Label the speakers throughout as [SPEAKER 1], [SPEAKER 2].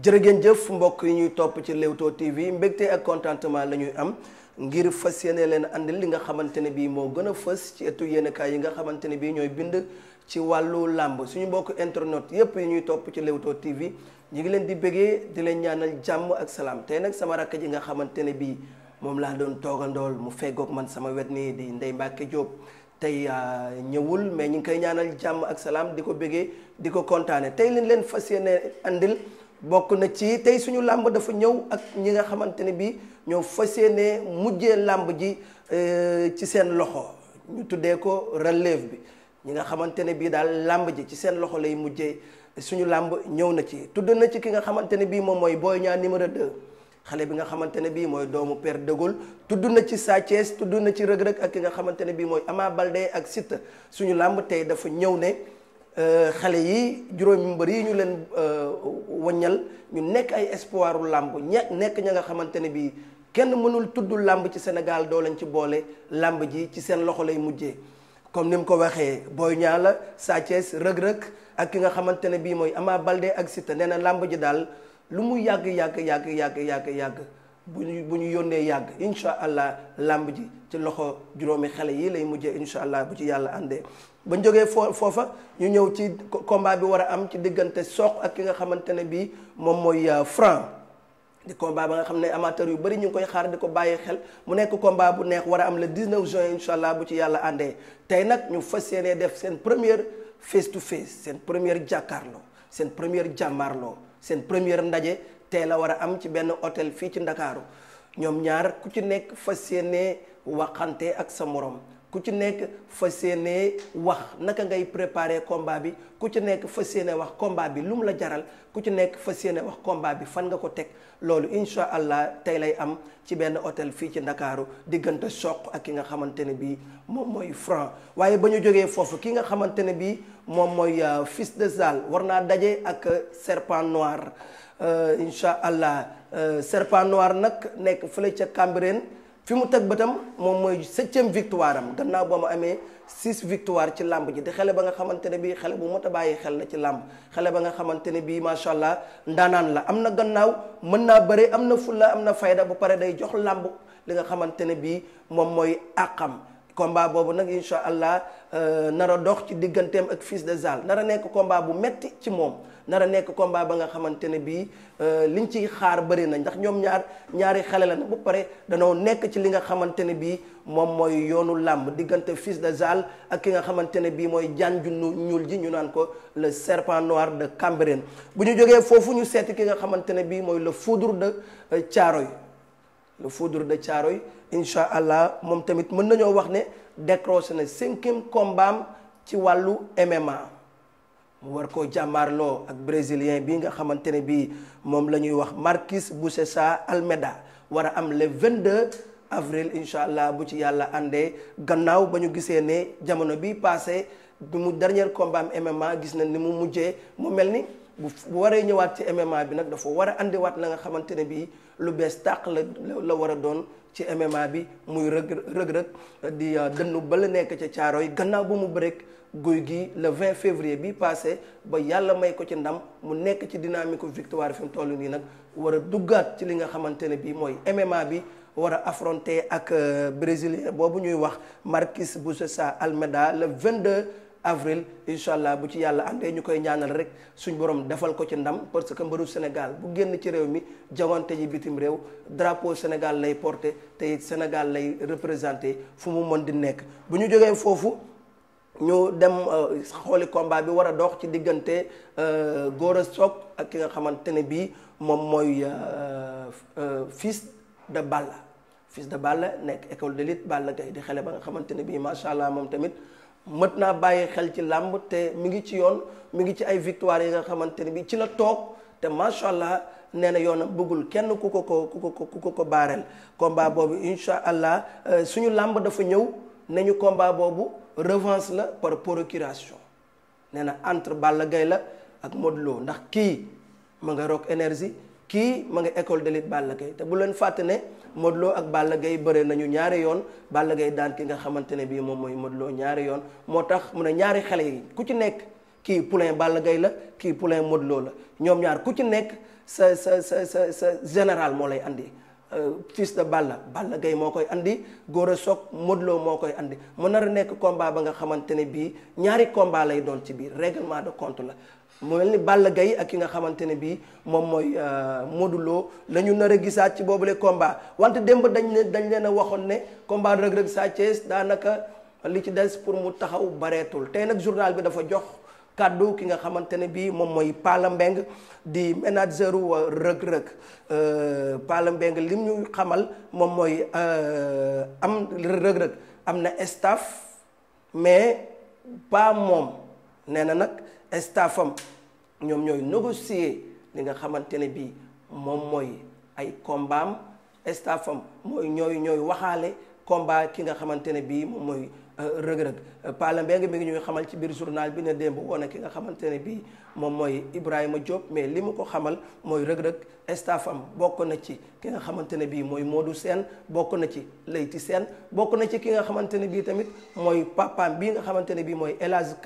[SPEAKER 1] jërë ngeen jëf mbokk yi ñuy topp ci Leewtoo TV mbégte ak contentement la ñuy am ngir fas yéene leen andil li nga xamante ne bii moo gën a fës ci ëttu yéenekaay yi nga xamante ne bii ñooy bind ci wàllu làmb suñu mbokk internet yépp yi ñuy topp ci Leewtoo TV ñu ngi leen di bëggee di leen ñaanal jàmm ak salaam tey nag sama rakk ji nga xamante ne bii moom laa doon toogandool mu fegook man sama wet nii di ndey Mbacke Diop tey euh, ñëwul mais ñu ngi koy ñaanal jàmm ak salaam di ko bëggee di ko kontaane tey leen leen fas yéene andil bokk na ci tey suñu làmb dafa ñëw ak ñi nga xamante ne bi ñoo fa yéene mujjee làmb ji euh, ci seen loxo ñu tuddee ko relève bi ñi nga xamante ne bii daal làmb ji ci seen loxo lay mujjee suñu làmb ñëw na ci tudd na ci ki nga xamante ne bii moom mooy booy Niang numéro 2 xale bi nga xamante ne bii mooy doomu per de tudd na ci Sa tudd na ci Reug Reug ak ki nga xamante ne bii mooy Ama Baldé ak Siteu suñu làmb tey dafa ñëw ne euh, xale yi juróomi mbër yi ñu leen euh, waññal ñu nekk ay espoiru làmb ña nekk ña nga xamante ne bii kenn mënul tudd làmb ci Sénégal doo leen ci boole làmb ji ci seen loxo lay mujjee comme ni mu ko waxee Boy Niang la Sa Thiès rëg-rëg ak ki nga xamante ne bii mooy amaa balde ak Siteu nee làmb ji daal lu mu yàgg yàgg yàgg yàgg yàgg yàgg bu ñu bu ñu yónnee yàgg incha allah làmb ji ci loxo juróomi xale yii lay mujjee incha allah bu ci yàlla àndee ba ñu jógee foofa ñu ñëw ci combat bi war a am ci diggante Sokh ak ki nga xamante ne bii moom mooy euh, Franc. di combat ba nga xam ne amateur yu bëri ñu ngi koy xaar di ko bàyyi xel mu nekk combat bu neex war a am le 19 join incha allah bu ci yàlla àndee tey nag ñu fa yéenee def seen première face to face seen première jàkkaarloo seen première jàmmaarloo seen première ndaje tey la war a am ci benn hôtel fii ci Ndakaaru ñoom ñaar ku ci nekk fas yéene waxante ak sa morom ku ci nekk fa yéene wax naka ngay préparer combat bi ku ci nekk fas yéene wax combat bi lu mu la jaral ku ci nekk fas yéene wax combat bi fan nga ko teg loolu incha allah tey lay am ci benn hôtel fii ci ndakaaru diggante soq ak ki nga xamante ne bii moom mooy franc waaye ba ñu jógee foofu ki nga xamante ne bii moom mooy euh, fils de Zal war naa daje ak euh, serpent noir euh, incha allah serpent noir nag nekk fële ca Cambérène fi mu teg bëtam moom mooy septième victoire am gannaaw boo ma amee six victoire ci làmb ji di xele ba nga xamante ne bii xele bu mot a bàyyi xel na ci làmb xale ba nga xamante ne bii macha allah ndaanaan la am na gannaaw mën naa bëre am na fulla am na fayda bu pare day jox làmb li nga xamante ne bii moom mooy àqam combat boobu nag incha allah euh, nar a dox ci digganteem ak fils de Zal nar a nekk combat bu metti ci moom. nara nekk combat ba nga xamante ne bii euh, liñ ciy xaar bëri na ndax ñoom ñaar ñaari xale la na ba pare danoo nekk ci li nga xamante ne bii moom mooy yoonu làmb diggante fils de Zal ak ki nga xamante ne bii mooy jaan ju ñuul ji ñu naan ko le serpent noir de Cambérène bu ñu jógee foofu ñu seeti ki nga xamante ne bii mooy le foudre de euh, Thiaroye le foudre de Thiaroye incha allah moom tamit mën nañoo wax ne décroché na cinquième combat ci wàllu MMA. mu war koo jàmmaarloo ak brésilien bi nga xamante ne bii moom la ñuy wax bu Bucesa almeda war a am le 22 avril incha allah bu ci yàlla àndee gannaaw ba ñu gisee ne jamono bi passé du mu dernier combat am MMA gis na ni mu mujjee mu mel ni bu waree ñëwaat ci MMA bi nag dafa war a andiwaat la nga xamante ne bii lu bees tàq la la war a doon ci MMA bi muy rëg rëg-rëg di euh, dënnu bala nekk ci caaro yi gannaaw bu mu bëreek guy gi le 20 février bi passé ba yàlla may ko ci ndam mu nekk ci dynamique victoire fi mu toll nii nag war a duggaat ci li nga xamante ne bii mooy MMA bi war a affronter ak euh, brésilien boobu ñuy wax Marquis Bucesa Almeida le 22. avril incha allah bu ci yàlla àndee ñu koy ñaanal rek suñ borom defal ko ci ndam parce que mbëru Sénégal bu génn ci réew mi jawante ji bitim réew drapeau Sénégal lay porté te it Sénégal lay représenté fu mu mën di nekk bu ñu jógee foofu. ñu dem euh, xooli komba bi war a dox ci diggante euh, a Sock ak ki nga xamante ne bii moom mooy euh, fils de Balla fils de Balla nekk école de lutte Balla Gaye di xele ba nga xamante ne bii macha allah moom tamit mët naa bàyyi xel ci làmb te mi ngi ci yoon mi ngi ci ay victoire yi nga xamante ni bi ci la toog te macha allah nee na yoonam bëggul kenn ku ko ko ku ko ku ko baareel combat boobu incha allah euh, suñu làmb dafa ñëw ne ñu boobu revanche la par procuration nee na entre Balla Gaye la ak Modou ndax kii ma nga Rock Énergie kii ma nga école de lutte Balla te bu leen fàtte ne. Modou ak Balla Gaye bëre nañu ñaari yoon Balla gay daan ki nga xamante ne bii moom mooy Modou Lo ñaari yoon moo tax mu ne ñaari xale yi ku ci nekk kii poulain Balla Gaye la kii poulain Modou la ñoom ñaar ku ci nekk sa sa sa sa sa général moo lay andi euh, fils de Balla Balla gay moo koy indi góor a Modou Lo moo koy indi mu nar a nekk combat ba nga xamante ne bii ñaari komba lay doon ci biir règlement de compte la mu mel ni Balla Gaye ak ki nga xamante ne bii moom mooy euh, Modou Lo la nar a gisaat ci boobu boobule combat wante démb dañ ne dañ leen a waxoon ne combat Reug Reug Sa Thiès daanaka li ci des pour mu taxaw bareetul tey nag journal bi dafa jox kàddu ki nga xamante ne bii moom mooy Pala Mbeng di manager wu euh, Reug Reug euh, Pala Mbeng lim ñu xamal moom mooy am Reug Reug am na staf mais pas moom nee na nag staffam. ñoom ñooy négocier li nga xamante ne bii moom mooy ay kombaam staffam mooy ñooy ñooy waxaale combat ki nga xamante ne bii moom mooy euh, rëg-rëg pale Mbengue mi ngi ñuy xamal ci biir journal bi ne démb woon na ki nga xamante ne bii moom mooy Ibrahima Diop mais li mu ko xamal mooy rëg-rëg staffam bokk na ci ki nga xamante ne bii mooy Modou seen bokk na ci Leyti seen bokk na ci ki nga xamante ne bii tamit mooy papaam bii nga xamante ne bii mooy El Hadj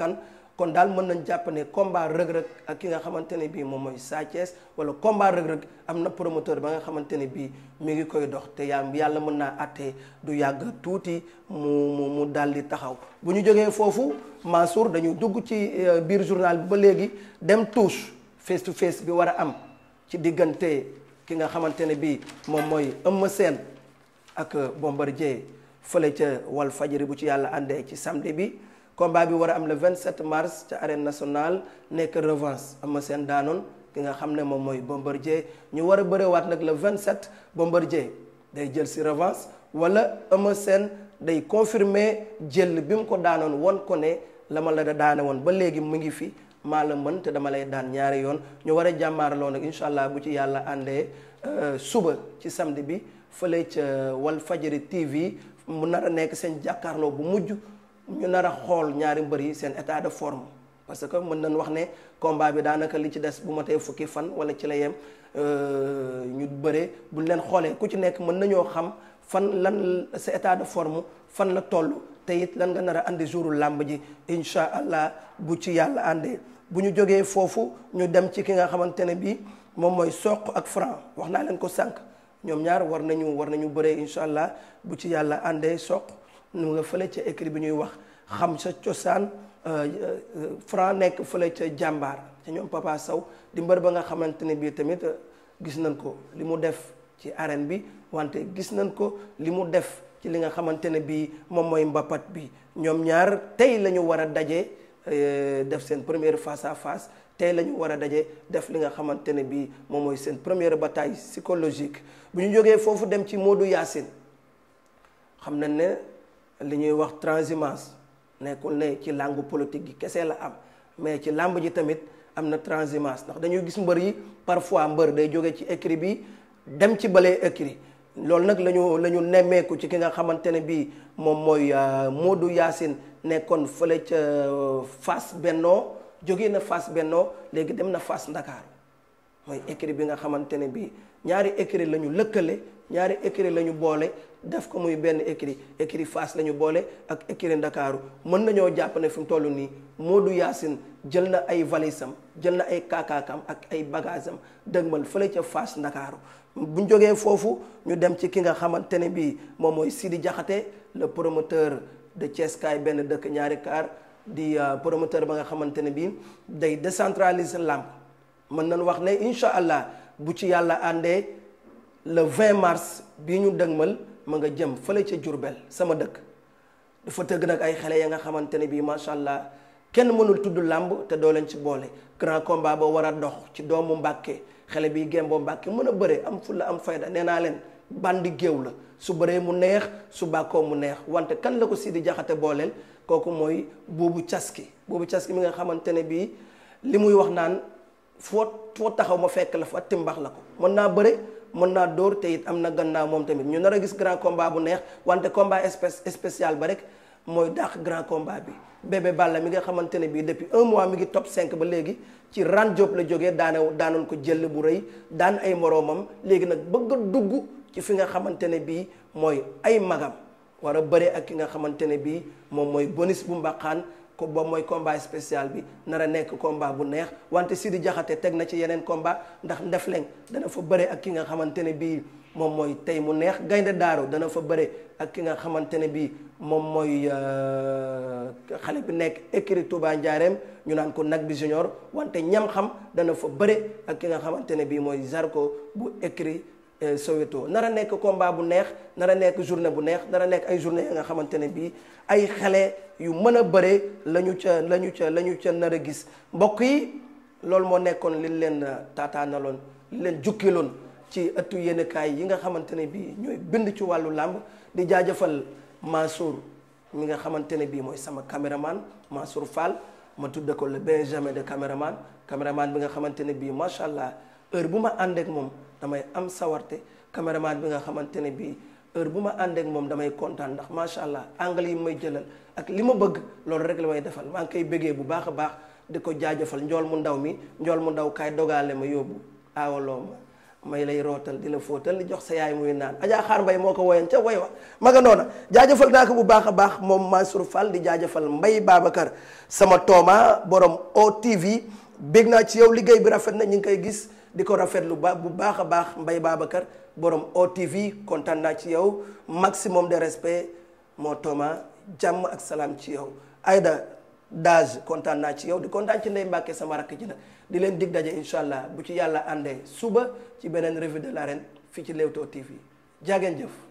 [SPEAKER 1] kon daal mën nañ jàpp ne combat rëg-rëg ak ki nga xamante ne bii moom mooy Sa Thiès wala combat rëg-rëg am na promoteur ba nga xamante ne bii mi ngi koy dox te yaa yàlla mën naa àtte du yàgg tuuti mu mu mu daal di taxaw bu ñu jógee foofu Mansour dañuy dugg ci euh, biir journal bi ba léegi dem touche face to face bi war a am ci diggante ki nga xamante ne bii moom mooy Eumeu Sène ak bombarde fële ca wal Fadjri bu ci yàlla àndee ci samedi bi combat bi war a am le 27 mars ca arène national nekk revanche Eumeu Sène daanoon ki nga xam ne moom mooy Bombardier ñu war a bërewaat nag la le 27 Bombardier day jël si revanche wala Eumeu Sène day confirmer jël bi mu ko daanoon won ko ne la ma la daane woon ba léegi mu ngi fi maa la mën te dama lay daan ñaari yoon ñu war a jàmmaarloo nag incha allah bu ci yàlla àndee euh, suba ci samedi bi fële ca Walfadjri TV mu nar a nekk seen jàkkaarloo bu mujj ñu nar a xool ñaari mbër yi seen état de forme parce que mën nañ wax ne combat bi daanaka li ci des bu ma tee fukki fan wala ci la yem euh, ñu bëree buñ leen xoolee ku ci nekk mën nañoo xam fan lan sa état de forme fan la toll te it lan nga nar a andi jouru làmb ji incha allah bu ci yàlla àndee bu ñu jógee foofu ñu dem ci ki nga xamante ne bii moom mooy soq ak Franc wax naa leen ko sànq ñoom ñaar war nañu war nañu bëree incha allah bu ci yàlla àndee soq nu nga fële ca écrit bi ñuy wax xam sa cosaan euh, euh, Franc nekk fële ca jàmbaar ca ñoom Papa saw di mbër ba nga xamante ne bii tamit euh, gis nañ ko li mu def ci arène bi wante gis nañ ko li mu def ci li nga xamante ne bii moom mooy mbapat bi ñoom ñaar tey la ñu war a daje def seen première face à face tey la ñu war a daje def li nga xamante ne bii moom mooy seen première bataille psychologique bu ñu jógee foofu dem ci Modou Yacine xam nañ ne. li ñuy wax transhumance nekkul ne ci làngu politique gi kese la am mais ci làmb ji tamit am na transhumance ndax dañuy gis mbër yi parfois mbër day jóge ci écrit bi dem ci balee écrit loolu nag la ñu nemmeeku ci ki nga xamante ne bii moom mooy euh, Modou Yacine nekkoon fële ca euh, Fass Bennoo jóge na Fass Bennoo léegi dem na Fass Ndakaaru mooy écrit bi nga xamante ne bii ñaari écrit la ñu lëkkale ñaari écurie la ñu boole def ko muy benn écurie écurie Fass la ñu boole ak écurie Ndakaaru mën nañoo jàpp ne fi mu toll nii Modou Yacine jël na ay valisam jël na ay kaakaakam ak ay bagaasam dëgmal fële ca Fass Ndakaaru bu ñu jogee foofu ñu dem ci ki nga xamante ne bii moom mooy Sidi Diakhaté le promoteur de Thiès benn dëkk ñaari kaar di euh, promoteur ba nga xamante ne bii day décentraliser làmp mën nañu wax ne incha allah bu ci yàlla àndee. le 20 mars bii ñu dëgmal ma nga jëm fële ca Jurbel sama dëkk dafa tëgg nag ay xale ya nga xamante ne bii macha allah kenn mënul tudd làmb te doo leen ci boole grand combat ba war a dox ci doomu Mbàkke xale bi Gémbo Mbàkke mën a bëre am fulla am fayda nee naa leen bandi géew la su bëree mu neex su bàkkoo mu neex wante kan la ko Sidi Jaxate booleel kooku mooy Buubu Caski Buubu Caski mi nga xamante ne bii li muy wax naan foo foo taxaw ma fekk la fa timbax la ko mën naa bëre. mën naa dóor te it am na gannaaw moom tamit ñu nar a gis grand combat bu neex wante combat espèce spécial ba rek mooy dàq grand combat bi bébé Balla mi nga xamante ne bii depuis un mois mi ngi top 5 ba léegi ci ran job la jógee daane daanoon ko jël bu rëy daan ay moroomam léegi nag bëgg a dugg ci fi nga xamante ne bii mooy ay magam war a bëre ak ki nga xamante ne bii moom mooy bonus bu mbaqaan ko boobu mooy combat spécial bi nar a nekk combat bu neex wante Sidi Jaxate teg na ci yeneen combat ndax Ndefleng dana fa bëre ak ki nga xamante ne bii moom mooy tey mu neex gaynde daaro dana fa bëre ak ki nga xamante ne bii moom mooy euh, xale bi nekk écurie Touba Ndiarème ñu naan ko nag bi junior wante ñam xam dana fa bëre ak ki nga xamante ne bii mooy Zarko bu écurie Euh, Soweto nar a nekk combat bu neex nar a nekk journée bu neex nar nekk ay journée ya nga xamante ne bii ay xale yu mën a bëre la ñu ca la ñu ca la ñu ca nar a gis mbokk yi loolu moo nekkoon li leen euh, taataanaloon li leen jukkiloon ci ëttu yéenekaay yi nga xamante ne bii ñooy bind ci wàllu làmb di jaajëfal Mansour mi nga xamante ne bii mooy sama caméraman Mansour Fall ma tudde ko le Benjamin de caméraman caméraman bi nga xamante ne bii macha allah heure bu ma àndeek ak moom. damay am sawarte caméraman bi nga xamante ne bii heure bu ma àndeek moom damay kontaan ndax macha allah angle yi may jëlal ak li ma bëgg loolu rek la may defal maa bëggee bu baax a baax di ko jaajëfal njool mu ndaw mi njool mu ndaw kaay dogaale ma yóbbu aawaloo may lay rootal di la fóotal di jox sa yaay muy naan Adja Xaar Mbay moo ko woyoon ca woy wa ma nga jaajëfal naa ko bu baax a baax moom Mansour Fall di jaajëfal Mbay Babacar sama tooma borom OTV bég naa ci yow liggéey bi rafet na ñu ngi koy gis di ko rafet lu ba bu baax a baax mbay Babacar borom OTV kontaan naa ci yow maximum de respect moo Thomas jàmm ak salaam ci yow ayda Dage kontaan naa ci yow di kontaan ci Ndeye Mbacke sama rakk ji nag di leen dig daje incha allah bu ci yàlla àndee suba ci beneen revue de l'arène fii ci Leewtoo TV jaageen jëf.